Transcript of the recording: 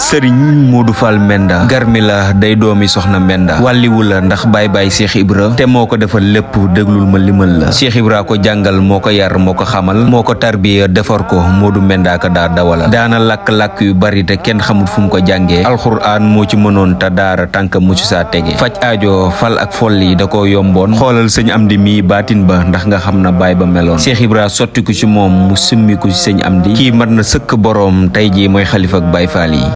Sering Modou Fall Menda garmila day domi soxna Menda wàlliwu la ndax bay bay Cheikh Ibra te moko defal lepp deglul ma limal la Cheikh Ibra ko jangal moko yar moko xamal moko tarbiya defor ko Modou Menda ka da dawala dana lak lak yu bari te ken xamul fum ko jange alquran mo ci mënoon ta dara tank mu ci sa tege fajj aajo fal ak folli da ko yomboon xoolal Amdi mi batin ba ndax nga xamna bay ba melon Cheikh Ibra ku ci mom mu ku ci sëñ Amdi ki marna na sëkk boroom tey jii mooy ak bay fali